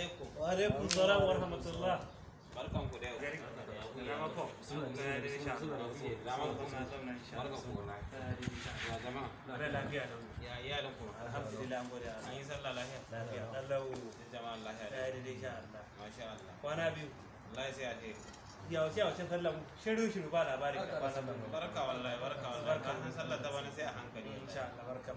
alaikum. Wa alaikum salam wa rahmatullah. Barkan ku da yau. ku. barka barka a barka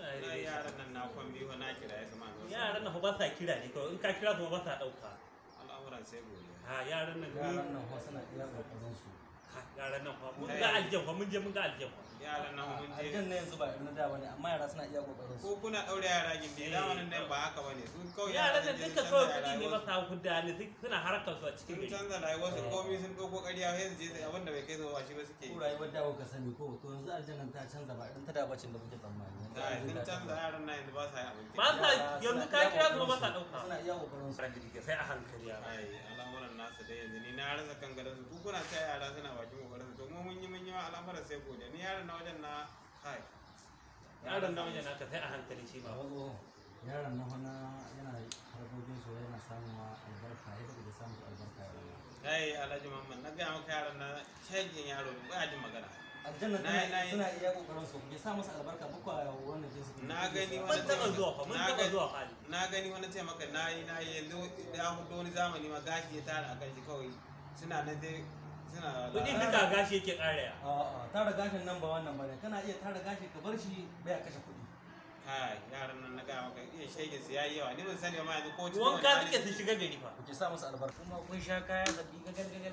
yaran nan na kwan biyu na kira ya zama yaran nan ba sa kira ne kawai in ka kira kuma ba sa dauka al'amuran sai gobe ha yaran nan yaran nan suna iya kokarin su yaran nan fa mun ga aljanna mun je mun ga aljanna yaran nan mun je aljanna yanzu ba irin da bane amma yara suna iya kokarin ko kuna daure yara gindi eh. zamanin nan ba haka bane su kawai yaran nan duka kawai kudi ne ba ta kudda ne suna harkar su a cikin gari sun canza rayuwar su eh. komai sun dauko ƙarya yanzu je abin da bai kai zuwa shi ba suke yi rayuwar da ka sani ko to yanzu aljanna ta canza ba irin ta da bacin da muke tsammani sun canza yaran nan yanzu ba sa yi abin ba sa yanzu ka kira su ba sa dauka suna iya kokarin su sai a hankali yara nasa da yanzu ni na rasa kan su kuna ta yara suna bakin kokarin su to mu mun yi mun yi wa al'amara sai gode ni yaron na wajen na kai yaron na wajen naka sai a hankali shi ba yaron na hana yana harkokin su yana samun albarka ya da samun albarka yaron kai alhaji mamman na ga maka yaron na shagin yaro ba ya ji magana aljanna suna iya kokarin su ya sa musu albarka ba kwa wannan jinsu na gani wani taba zuwa fa mun taba zuwa fa na gani wani ce maka nayi nayi yanzu da hudu wani zamani ma gashi ya tara a kanshi kawai suna nan dai suna kudin duka gashi yake karaya a'a tara gashin nan ba wannan bane kana iya tara gashi ka bar shi bai kashe kudi kai yaran nan na ga maka iya shege su yayi yawa ni ban sani ma yanzu ko wanka suke su shiga gari fa ku sa musu albarka kuma kun sha kaya sabbi ga gargagar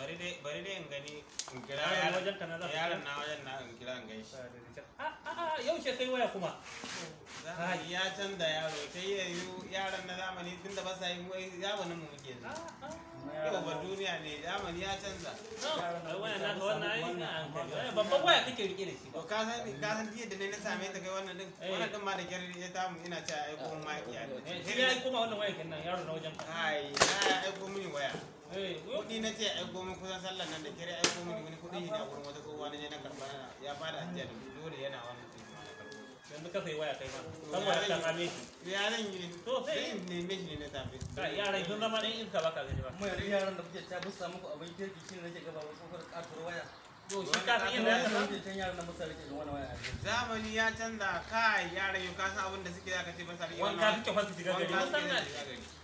bari dai bari dai in gani in kira wajen ka na za yaron na wajen na in kira in gani ah, ah, ah, yau ce kai waya kuma zamani ya canza yaro sai yayin yaron na zamani tunda ba sa yi zamanin mu muke zuwa duniya ne zamani ya canza babban waya kake rike da shi ka san ka san da ne na same ta kai wannan din eh. wannan din ma da ya ina ta ma eh, shi ya wannan waya yaro na wajen ai na ai mini waya eh, kudi na ce ai gomin kusan sallan nan da kire ai mini wani kudi ne a gurin wata kowa na je na karba ya fada ajiya da dole yana yanzu ka sai waya kai ma saboda yi to sai in ba ta waya waya zamani ya canza kai yaran yau ka abin da suke zaka ce ba sa wanka suke fasa shiga gari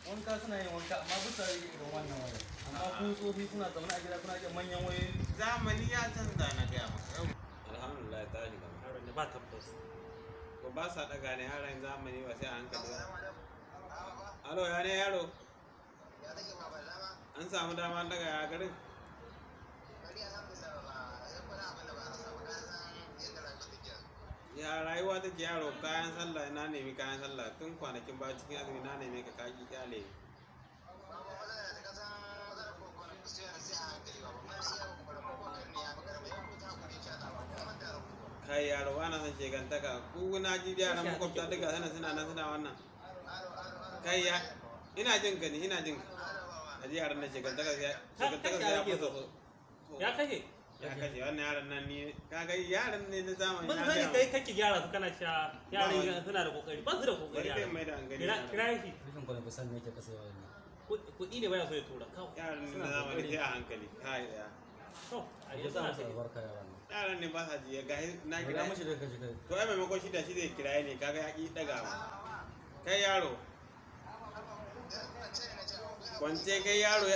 wanka suna yin wanka amma busa sari irin wannan waya amma kun tsofi kuna zaune a gida kuna manyan wayoyi zamani ya canza na gaya maka alhamdulillah ta ba tabbas to ba sa daga ne har yanzu zamani ba sai a hankali ba. alo ya ne yaro an samu dama daga ya garin ya rayuwa take yaro kayan sallah na nemi kayan sallah tun kwanakin ba cikin azumi na nemi ka kaki kyale ai yaro ana son shegantaka ku na ji yara makwabta duka sana suna nan suna wannan kai ya ina jin ka ne ina jin ka a ji yaran nan ya fasa ya kashe ya wannan yaran nan ne kaga yaran ne na zamani mun sani kai kake gyara su kana sha yaran suna da kokari ba su da kokari mai da an gani kira shi rashin kwanan ba san me yake ne ne baya so ya tura kawai yaran na zamani a hankali kai ya kai to ai shida ne kaga ya ki daga kai yaro kwance kai yaro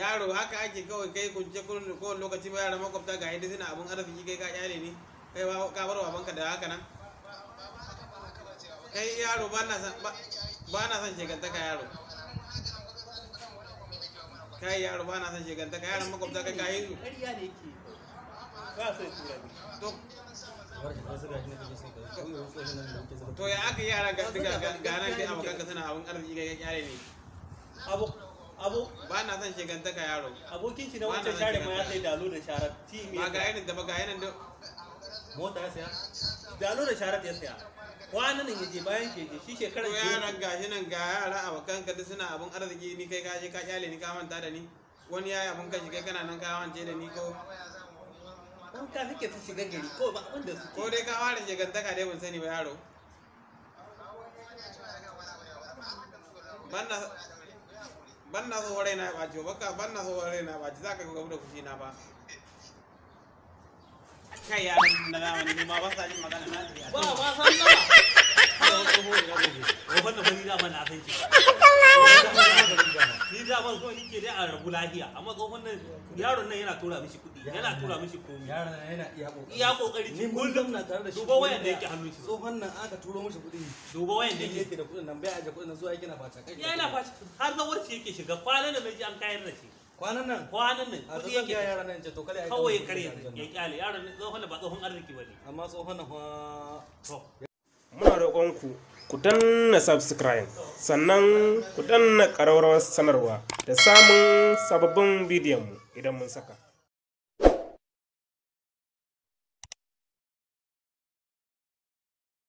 yaro haka ake kawai kai kunce kullum ko lokaci ba yara makwabta ga yadda suna abun arziki kai ka kyale ne kai ba ka babanka da haka nan kai yaro ba na san shekantaka yaro kai yaro ba na san shiganta ka yaran makwabta ka kayi su ƙarya ne ke ba sai tura ne to ya aka yara ga ganan kai abokan ka suna abin arziki ga kyare ne abu abu ba na san shiganta ka yaro abokin shi na wancan share ma ya sai dalo da sharar ba ga yanin da ba ga yanin da mota ya saya jalo da sharat ya saya kwanan nan yaje bayan ke shi shekarar ya yaran gashi nan ga yara abokan ka suna abin arziki ni kai ka je ka kyale ni ka manta da ni wani ya abin kan shi kai kana nan ka wance da ni ko an ka fike su shiga gari ko ba abin da su ko dai ka ware shigantaka dai ban sani ba yaro banna banna so hore na ba jo baka banna so hore na ba ji zaka ga da kushi na ba kai na a yake shiga kwanan da an kayar da shi kwanan nan kwanan nan kudi yake ya yaran nan to kale kawai kare ya kyale yaron ne tsohon ba tsohon arziki bane amma tsohon na to muna roƙon ku ku danna subscribe sannan ku danna ƙararrawar sanarwa da samun sababbin bidiyon mu idan mun saka